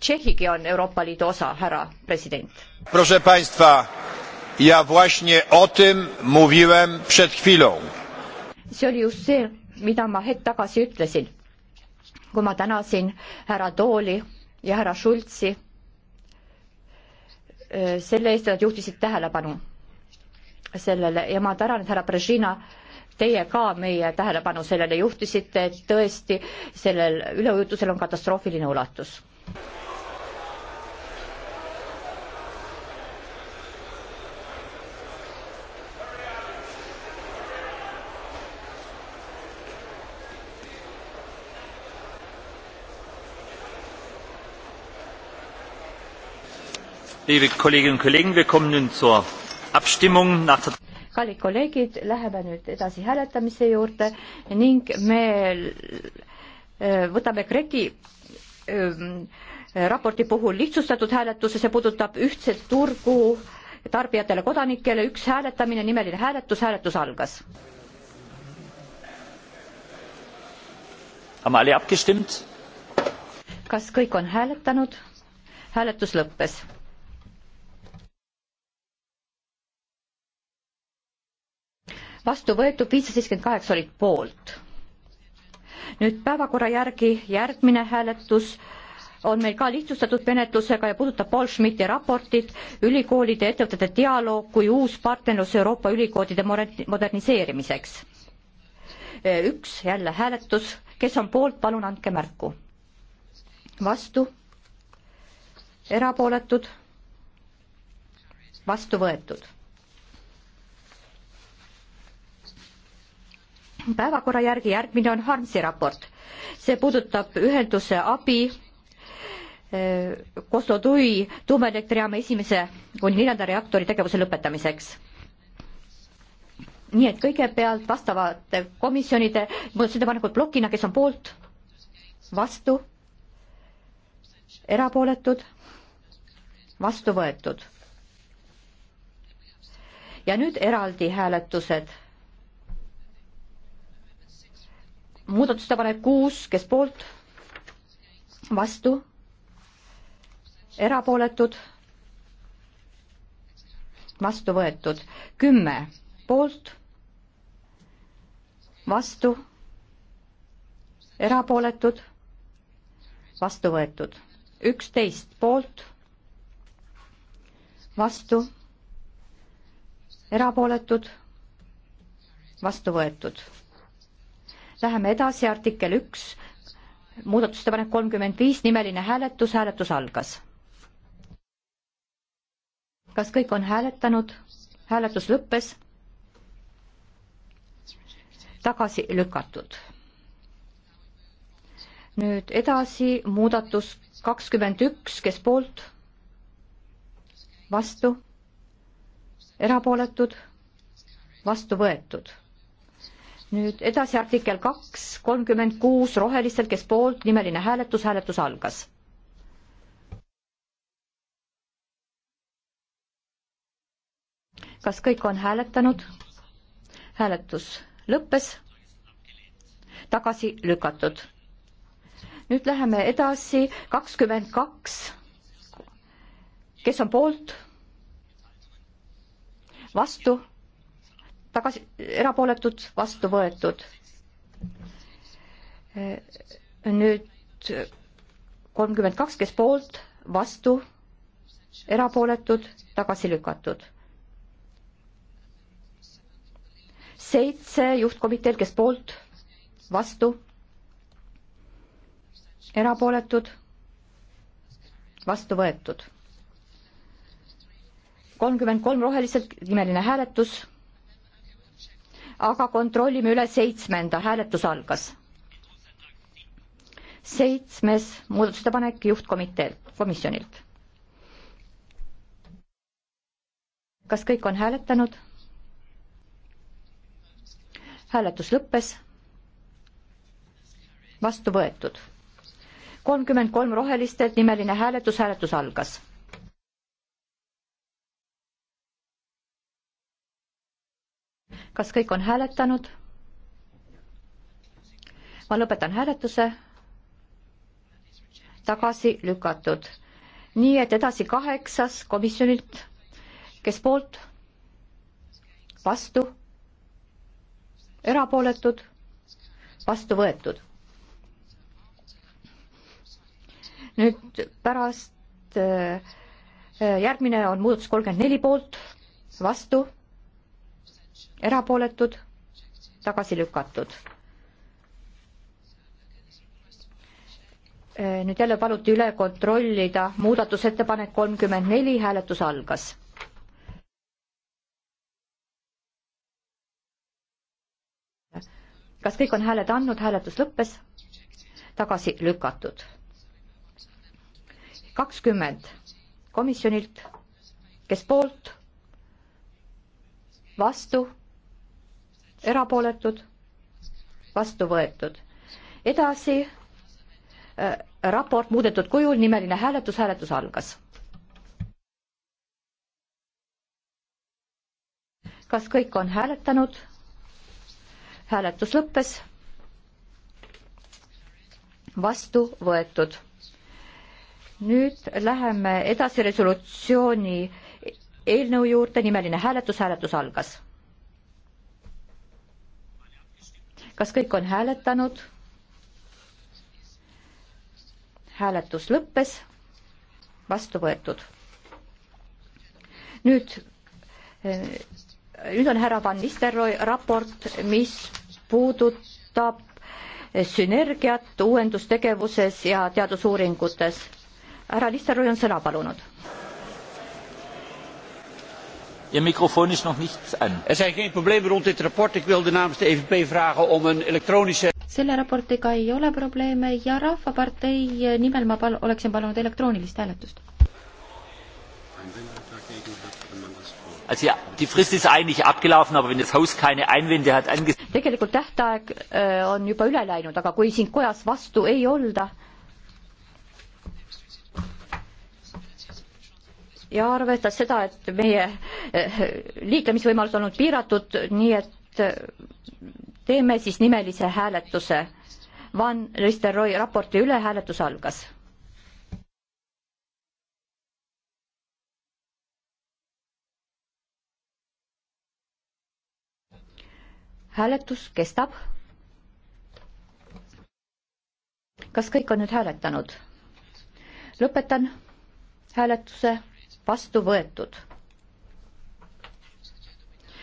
Tšehhigi on Euroopa Liidu osa, härra president. Proszę państwa, ja właśnie o tym mówiłem przed chwilą. see oli just see, mida ma hetk tagasi ütlesin, kui ma tänasin härra Tooli ja härra Schultzi äh, selle eest, et nad juhtisid tähelepanu sellele ja ma tänan, et härra Brežina teie ka meie tähelepanu sellele juhtisite, et tõesti sellel üleujutusel on katastroofiline ulatus. Liebe Kolleginnen und Kollegen, wir kommen nun zur Abstimmung nach der kallid kolleegid, läheme nüüd edasi hääletamise juurde ning me äh, võtame Kreki ähm, raporti puhul lihtsustatud hääletuse, see puudutab ühtset turgu tarbijatele, kodanikele, üks hääletamine, nimeline hääletus, hääletus algas. kas kõik on hääletanud? hääletus lõppes vastu võetud, viissada seitsekümmend kaheksa olid poolt. nüüd päevakorra järgi järgmine hääletus on meil ka lihtsustatud menetlusega ja puudutab Paul Schmidti raportit ülikoolide ja ettevõtete dialoog kui uus partnerlus Euroopa ülikoolide moderniseerimiseks. üks jälle hääletus, kes on poolt, palun andke märku. vastu, erapooletud, vastu võetud päevakorra järgi, järgmine on Harmsi raport. see puudutab ühenduse abi eh, Koslo-Tui tuumaelektrijaama esimese kuni neljanda reaktori tegevuse lõpetamiseks. nii et kõigepealt vastavate komisjonide muudatusettepanekud plokina, kes on poolt, vastu, erapooletud, vastu võetud. ja nüüd eraldi hääletused muudatusettepanek kuus, kes poolt, vastu, erapooletud, vastu võetud, kümme poolt, vastu, erapooletud, vastu võetud, üksteist poolt, vastu, erapooletud, vastu võetud Läheme edasi, artikkel üks, muudatustepanek kolmkümmend viis, nimeline hääletus, hääletus algas. kas kõik on hääletanud? hääletus lõppes. tagasi lükatud. nüüd edasi muudatus kakskümmend üks, kes poolt? vastu? erapooletud? vastu võetud nüüd edasi artikkel kaks, kolmkümmend kuus rohelistelt, kes poolt, nimeline hääletus, hääletus algas. kas kõik on hääletanud? hääletus lõppes, tagasi lükatud. nüüd läheme edasi, kakskümmend kaks, kes on poolt? vastu tagasi, erapooletud, vastu võetud. nüüd kolmkümmend kaks, kes poolt, vastu, erapooletud, tagasi lükatud. seitse juhtkomiteel, kes poolt, vastu, erapooletud, vastu võetud. kolmkümmend kolm roheliselt, nimeline hääletus aga kontrollime üle seitsmenda, hääletus algas. seitsmes muudatusettepanek juhtkomiteelt, komisjonilt. kas kõik on hääletanud? hääletus lõppes. vastu võetud. kolmkümmend kolm rohelistelt nimeline hääletus, hääletus algas kas kõik on hääletanud? ma lõpetan hääletuse. tagasi lükatud. nii et edasi kaheksas komisjonilt, kes poolt, vastu, erapooletud, vastu võetud. nüüd pärast äh, äh, järgmine on muudatus kolmkümmend neli poolt, vastu erapooletud, tagasi lükatud. nüüd jälle paluti üle kontrollida muudatusettepanek kolmkümmend neli, hääletus algas. kas kõik on hääled andnud, hääletus lõppes, tagasi lükatud. kakskümmend komisjonilt, kes poolt vastu, erapooletud, vastu võetud. edasi äh, raport muudetud kujul, nimeline hääletus, hääletus algas. kas kõik on hääletanud? hääletus lõppes. vastu võetud. nüüd läheme edasi resolutsiooni eelnõu juurde, nimeline hääletus, hääletus algas. kas kõik on hääletanud? hääletus lõppes, vastu võetud. nüüd, eh, nüüd on härra Van Nistelrooy raport, mis puudutab eh, sünergiat uuendustegevuses ja teadusuuringutes. härra Nistelrooy on sõna palunud er zijn geen problemen rond dit verslag. Ik wilde namens de EVP e vragen om een elektronische. selle raportiga ei ole probleeme ja Rahvapartei eh, nimel ma pal-, oleksin palunud elektroonilist hääletust. Also ja, die Frist ist eigentlich abgelaufen, aber wenn das Haus keine Einwände hat ange- tegelikult tähtaeg äh, on juba üle läinud, aga kui siin kojas vastu ei olda, ja arvestades seda, et meie eh, liiklemisvõimalused on olnud piiratud, nii et eh, teeme siis nimelise hääletuse. Van Risteroi raporti üle hääletus algas. hääletus kestab. kas kõik on nüüd hääletanud? lõpetan hääletuse vastu võetud.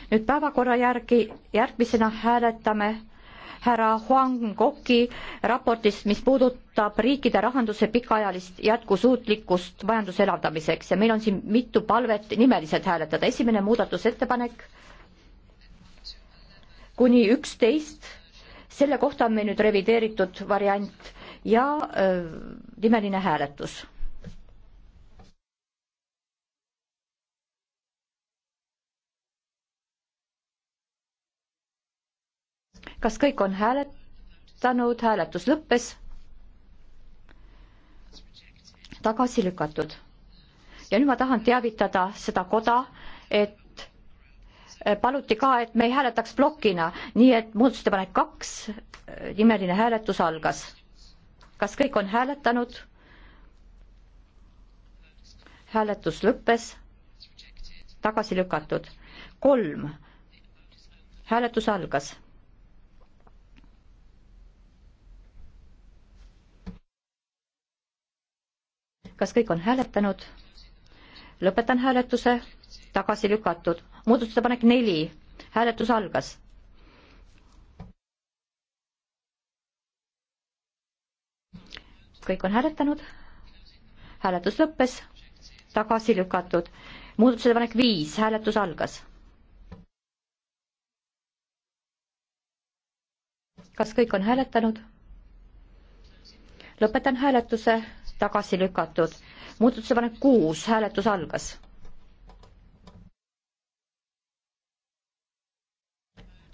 nüüd päevakorra järgi järgmisena hääletame härra Huang Koki raportist, mis puudutab riikide rahanduse pikaajalist jätkusuutlikkust majanduse elavdamiseks ja meil on siin mitu palvet nimeliselt hääletada. esimene muudatusettepanek kuni üksteist, selle kohta on meil nüüd revideeritud variant ja öö, nimeline hääletus kas kõik on hääletanud, hääletus lõppes? tagasi lükatud. ja nüüd ma tahan teavitada seda koda, et eh, paluti ka, et me ei hääletaks plokina, nii et muudatusettepanek kaks, eh, nimeline hääletus algas. kas kõik on hääletanud? hääletus lõppes, tagasi lükatud. kolm, hääletus algas kas kõik on hääletanud? lõpetan hääletuse, tagasi lükatud. muudatusettepanek neli, hääletus algas kõik on hääletanud. hääletus lõppes, tagasi lükatud. muudatusettepanek viis, hääletus algas. kas kõik on hääletanud? lõpetan hääletuse tagasi lükatud. muudatusepanek kuus, hääletus algas.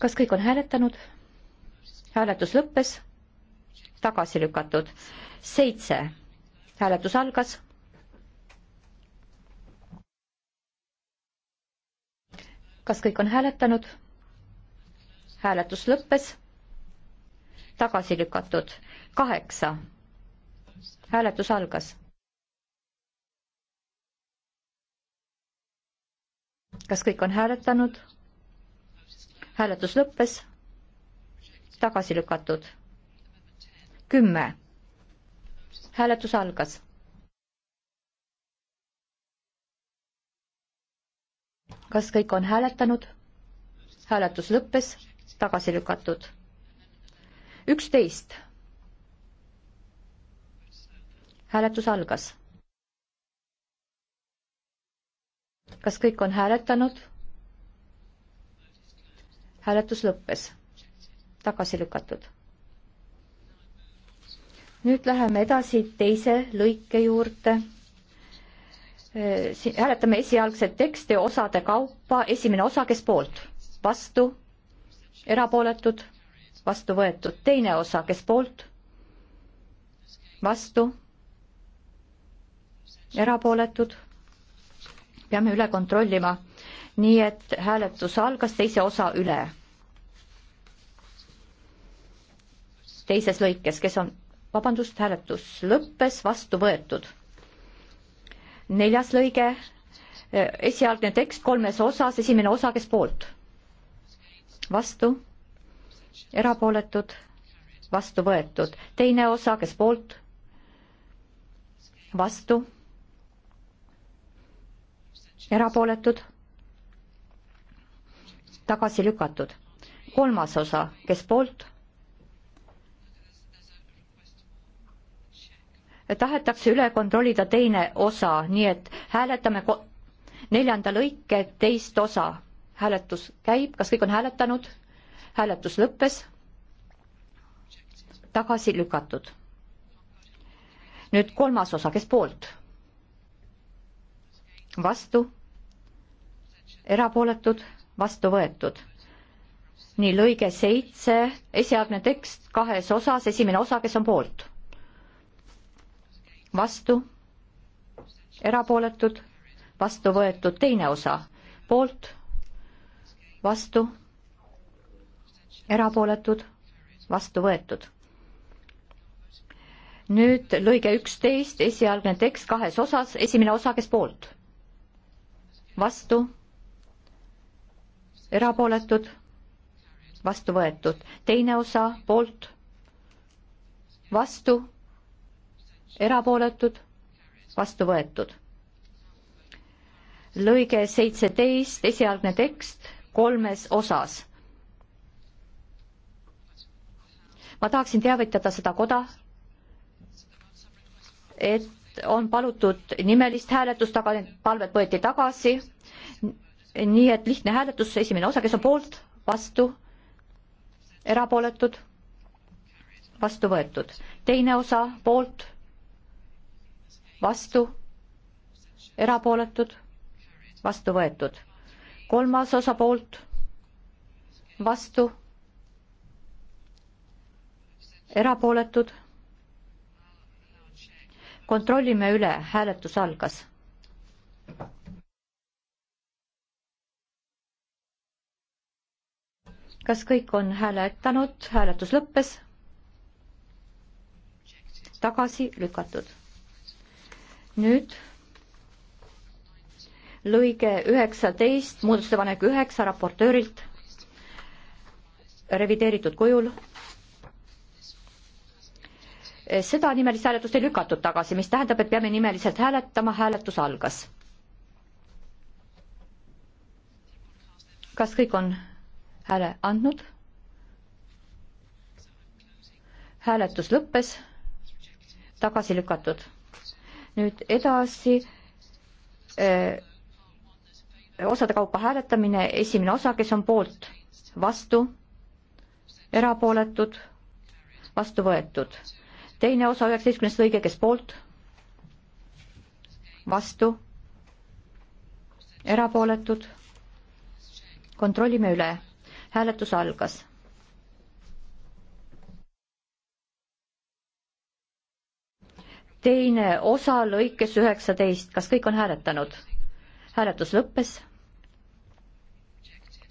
kas kõik on hääletanud? hääletus lõppes, tagasi lükatud. seitse, hääletus algas. kas kõik on hääletanud? hääletus lõppes, tagasi lükatud. kaheksa hääletus algas. kas kõik on hääletanud? hääletus lõppes. tagasi lükatud. kümme. hääletus algas. kas kõik on hääletanud? hääletus lõppes, tagasi lükatud. üksteist hääletus algas. kas kõik on hääletanud? hääletus lõppes, tagasi lükatud. nüüd läheme edasi teise lõike juurde. hääletame esialgset teksti osade kaupa, esimene osa, kes poolt, vastu, erapooletud, vastu võetud, teine osa, kes poolt, vastu erapooletud, peame üle kontrollima, nii et hääletus algas teise osa üle. teises lõikes, kes on, vabandust, hääletus lõppes, vastu võetud. neljas lõige, eh, esialgne tekst kolmes osas, esimene osa, kes poolt? vastu, erapooletud, vastu võetud, teine osa, kes poolt? vastu erapooletud, tagasi lükatud. kolmas osa, kes poolt? tahetakse üle kontrollida teine osa, nii et hääletame neljanda lõike teist osa. hääletus käib, kas kõik on hääletanud? hääletus lõppes. tagasi lükatud. nüüd kolmas osa, kes poolt? vastu, erapooletud, vastu võetud. nii, lõige seitse, esialgne tekst kahes osas, esimene osa, kes on poolt? vastu, erapooletud, vastu võetud, teine osa, poolt, vastu, erapooletud, vastu võetud nüüd lõige üksteist, esialgne tekst kahes osas, esimene osa, kes poolt? vastu, erapooletud, vastu võetud, teine osa poolt, vastu, erapooletud, vastu võetud. lõige seitseteist, esialgne tekst kolmes osas. ma tahaksin teavitada seda koda, et on palutud nimelist hääletust, aga need palved võeti tagasi. nii et lihtne hääletus, esimene osa, kes on poolt, vastu, erapooletud, vastu võetud. teine osa poolt, vastu, erapooletud, vastu võetud. kolmas osa poolt, vastu, erapooletud kontrollime üle, hääletus algas. kas kõik on hääletanud, hääletus lõppes? tagasi lükatud. nüüd lõige üheksateist, muudatusettepanek üheksa raportöörilt revideeritud kujul Eh, seda nimelist hääletust ei lükatud tagasi, mis tähendab, et peame nimeliselt hääletama, hääletus algas. kas kõik on hääle andnud? hääletus lõppes, tagasi lükatud. nüüd edasi öö, eh, osade kaupa hääletamine, esimene osa, kes on poolt, vastu, erapooletud, vastu võetud teine osa üheksateistkümnest lõige, kes poolt, vastu, erapooletud. kontrollime üle, hääletus algas teine osa lõikes üheksateist, kas kõik on hääletanud? hääletus lõppes,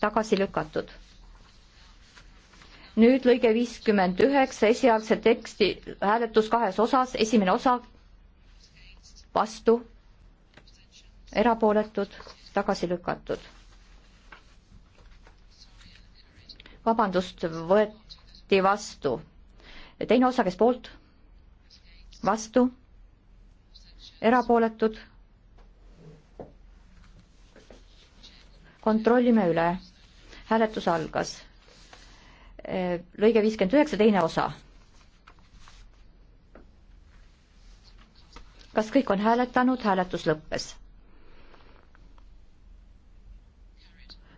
tagasi lükatud nüüd lõige viiskümmend üheksa, esialgse teksti hääletus kahes osas, esimene osa vastu, erapooletud, tagasi lükatud. vabandust, võeti vastu. teine osa, kes poolt? vastu, erapooletud. kontrollime üle. hääletus algas lõige viiskümmend üheksa, teine osa. kas kõik on hääletanud, hääletus lõppes?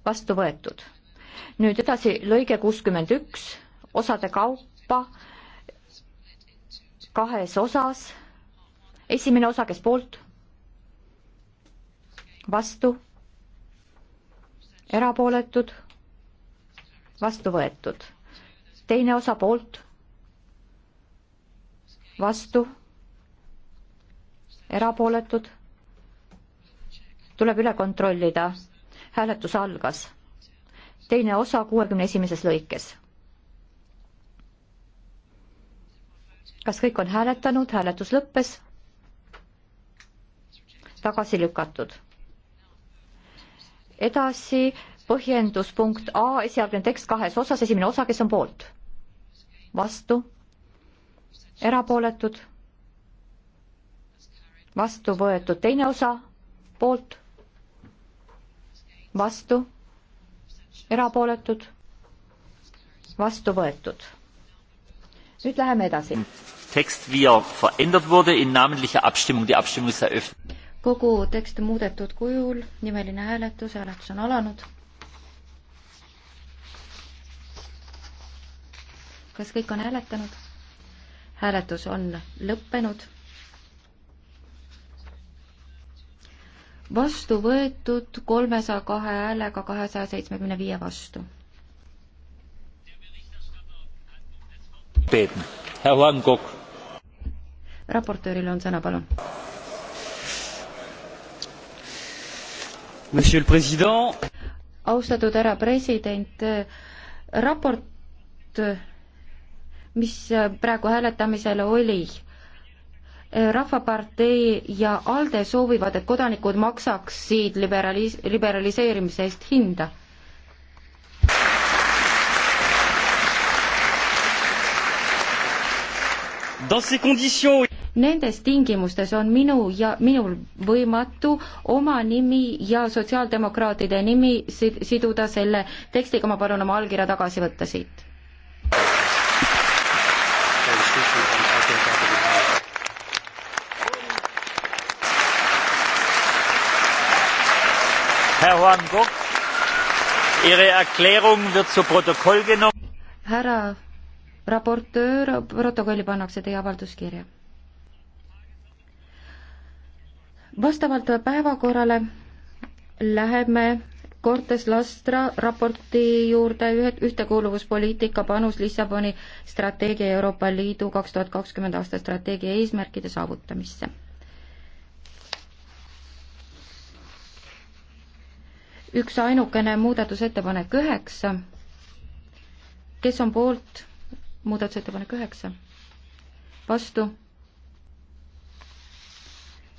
vastu võetud. nüüd edasi lõige kuuskümmend üks, osade kaupa kahes osas. esimene osa, kes poolt? vastu? erapooletud? vastu võetud teine osa poolt, vastu, erapooletud, tuleb üle kontrollida. hääletus algas. teine osa kuuekümne esimeses lõikes. kas kõik on hääletanud, hääletus lõppes? tagasi lükatud. edasi põhjenduspunkt A, esialgne tekst kahes osas, esimene osa, kes on poolt? vastu, erapooletud, vastu võetud teine osa, poolt, vastu, erapooletud, vastu võetud. nüüd läheme edasi. tekst, wie er verändert wurde in namentlicher Abstimmung, die Abstimmung ist eröffnet. kogu tekst muudetud kujul, nimeline hääletus, hääletus on alanud kas kõik on hääletanud? hääletus on lõppenud. vastu võetud kolmesaja kahe häälega kahesaja seitsmekümne viie vastu. raportööril on sõna, palun. austatud härra president, raport mis äh, praegu hääletamisel oli. Äh, rahvapartei ja ALDE soovivad, et kodanikud maksaksid liberalis-, liberaliseerimise eest hinda Nendes tingimustes on minu ja minul võimatu oma nimi ja sotsiaaldemokraatide nimi siduda selle tekstiga, ma palun oma allkirja tagasi võtta siit. Herr Juan Gok, Ihre Erklärung wird zu Protokoll genommen. härra raportöör, protokolli pannakse teie avaldus kirja. vastavalt päevakorrale läheme Cortes Lastra raporti juurde ühtekuuluvuspoliitika panus Lissaboni strateegia Euroopa Liidu kaks tuhat kakskümmend aasta strateegia eesmärkide saavutamisse üksainukene muudatusettepanek üheksa. kes on poolt? muudatusettepanek üheksa. vastu?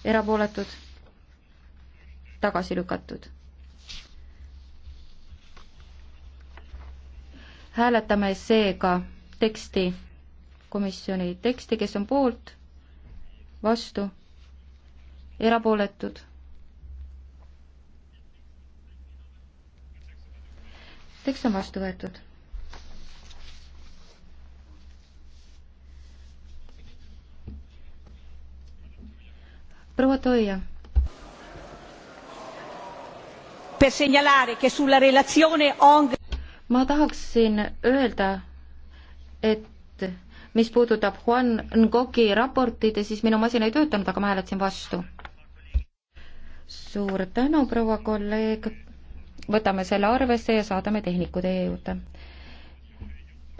erapooletud? tagasi lükatud? hääletame seega teksti, komisjoni teksti, kes on poolt, vastu, erapooletud tekst on vastu võetud. proua Toia. ma tahaksin öelda, et mis puudutab Juan Ngoki raportit, siis minu masin ei töötanud, aga ma hääletasin vastu. suur tänu, proua kolleeg võtame selle arvesse ja saadame tehniku teie juurde.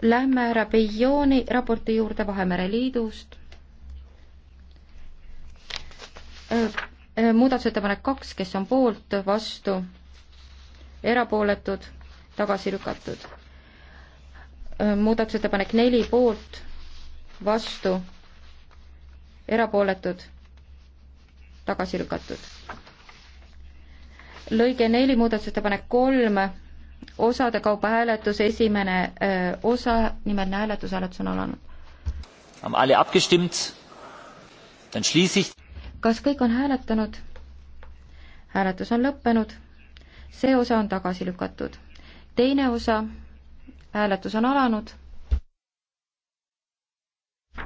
Lähme härra Beijoni raporti juurde Vahemere Liidust. Äh, äh, muudatusettepanek kaks, kes on poolt, vastu, erapooletud, tagasi lükatud. Äh, muudatusettepanek neli poolt, vastu, erapooletud, tagasi lükatud lõige neli, muudatusettepanek kolm, osade kaupa hääletus, esimene öö, osa, nimeline hääletus, hääletus on alanud. kas kõik on hääletanud? hääletus on lõppenud, see osa on tagasi lükatud. teine osa, hääletus on alanud.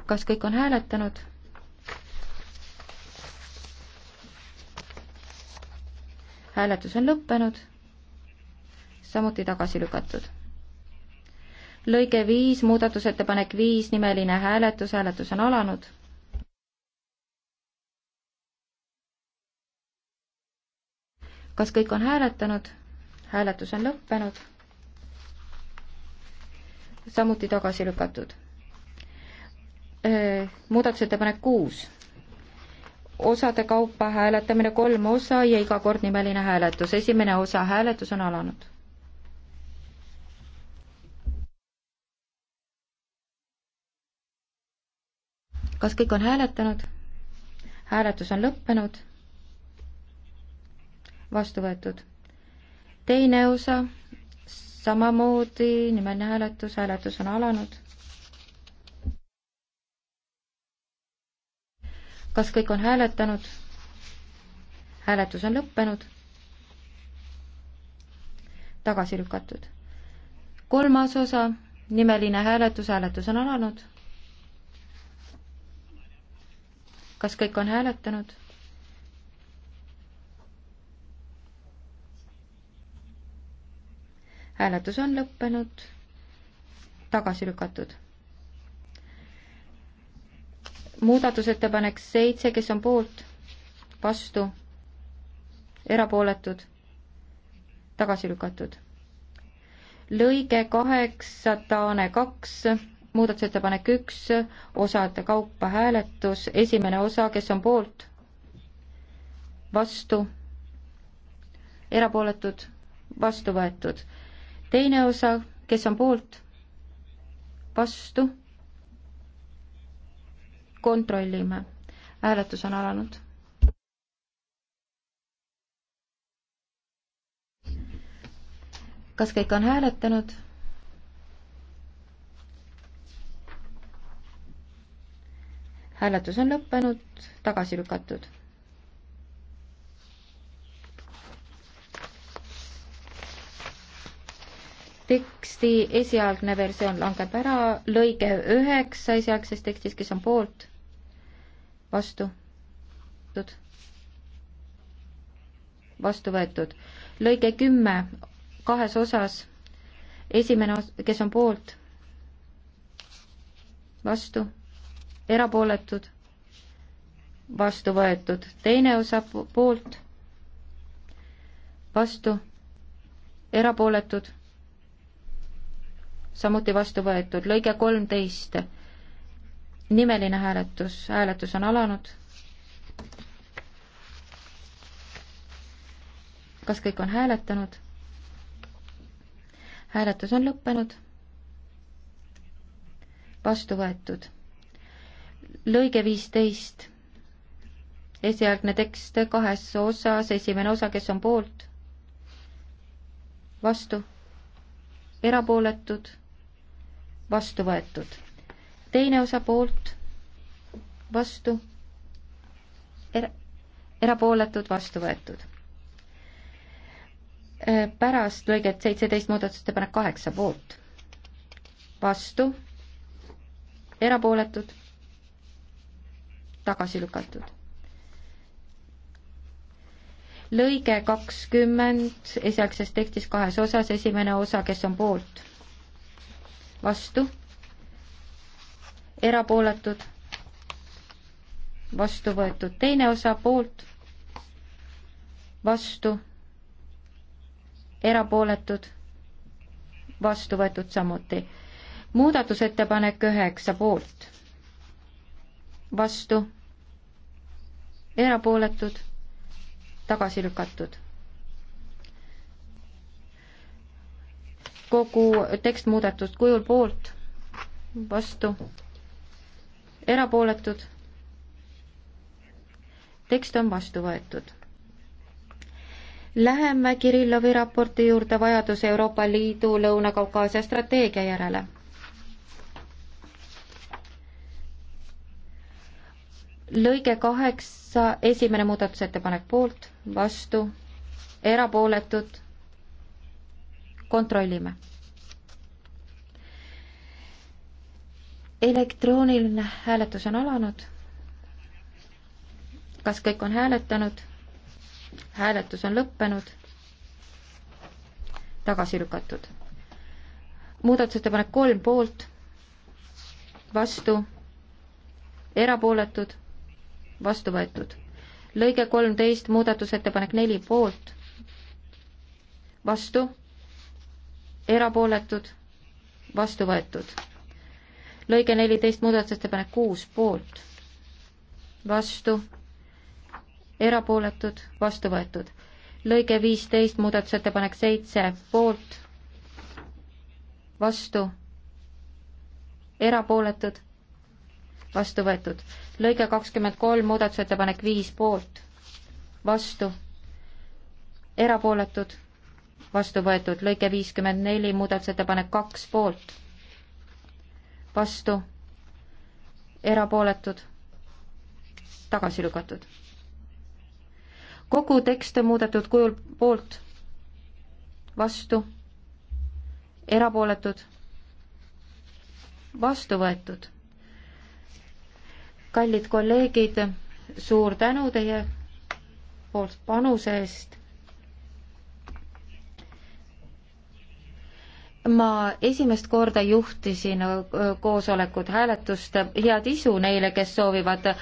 kas kõik on hääletanud? hääletus on lõppenud, samuti tagasi lükatud. lõige viis, muudatusettepanek viis, nimeline hääletus, hääletus on alanud. kas kõik on hääletanud? hääletus on lõppenud, samuti tagasi lükatud. Äh, muudatusettepanek kuus osade kaupa hääletamine, kolm osa ja iga kord nimeline hääletus. esimene osa hääletus on alanud. kas kõik on hääletanud? hääletus on lõppenud. vastu võetud. teine osa samamoodi nimeline hääletus, hääletus on alanud kas kõik on hääletanud? hääletus on lõppenud. tagasi lükatud. kolmas osa, nimeline hääletus, hääletus on alanud. kas kõik on hääletanud? hääletus on lõppenud, tagasi lükatud muudatusettepanek seitse, kes on poolt, vastu, erapooletud, tagasi lükatud. lõige kaheksatane kaks, muudatusettepanek üks, osade kaupa hääletus, esimene osa, kes on poolt, vastu, erapooletud, vastu võetud. teine osa, kes on poolt, vastu kontrollime. hääletus on alanud. kas kõik on hääletanud? hääletus on lõppenud, tagasi lükatud. teksti esialgne versioon langeb ära, lõige üheksa esialgses tekstis, kes on poolt vastu, vastu võetud. lõige kümme kahes osas. esimene os-, kes on poolt, vastu, erapooletud, vastu võetud. teine osa poolt, vastu, erapooletud, samuti vastu võetud. lõige kolmteist nimeline hääletus, hääletus on alanud. kas kõik on hääletanud? hääletus on lõppenud. vastu võetud. lõige viisteist. esialgne tekst kahes osas, esimene osa, kes on poolt? vastu? erapooletud? vastu võetud teine osa poolt, vastu er,, erapooletud, vastu võetud. Äh, pärast lõiget seitseteist muudatusettepanek kaheksa poolt, vastu, erapooletud, tagasi lükatud. lõige kakskümmend esialgses tekstis kahes osas, esimene osa, kes on poolt, vastu erapooletud, vastu võetud. teine osa poolt, vastu, erapooletud, vastu võetud samuti. muudatusettepanek üheksa poolt, vastu, erapooletud, tagasi lükatud. kogu tekst muudetud kujul poolt, vastu erapooletud. tekst on vastu võetud Läheme Kirillovi raporti juurde vajadus Euroopa Liidu Lõuna-Kaukaasia strateegia järele. lõige kaheksa, esimene muudatusettepanek poolt, vastu, erapooletud, kontrollime elektrooniline hääletus on alanud. kas kõik on hääletanud? hääletus on lõppenud. tagasi lükatud. muudatusettepanek kolm poolt, vastu, erapooletud, vastu võetud. lõige kolmteist, muudatusettepanek neli poolt, vastu, erapooletud, vastu võetud lõige neliteist, muudatusettepanek kuus, poolt, vastu, erapooletud, vastu võetud. lõige viisteist, muudatusettepanek seitse, poolt, vastu, erapooletud, vastu võetud. lõige kakskümmend kolm, muudatusettepanek viis, poolt, vastu, erapooletud, vastu võetud. lõige viiskümmend neli, muudatusettepanek kaks, poolt vastu, erapooletud, tagasi lükatud. kogu tekst on muudetud kujul poolt, vastu, erapooletud, vastu võetud. kallid kolleegid, suur tänu teie poolt panuse eest ma esimest korda juhtisin äh, koosolekut hääletust, head isu neile, kes soovivad äh,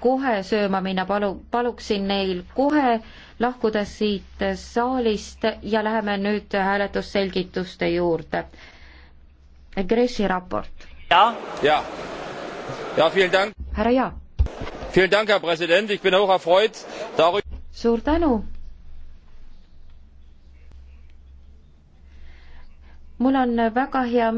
kohe sööma minna, palu, paluksin neil kohe lahkuda siit saalist ja läheme nüüd hääletusselgituste juurde. Gressi raport. ja, ja, ja, härra Jaak. suur tänu mul on väga hea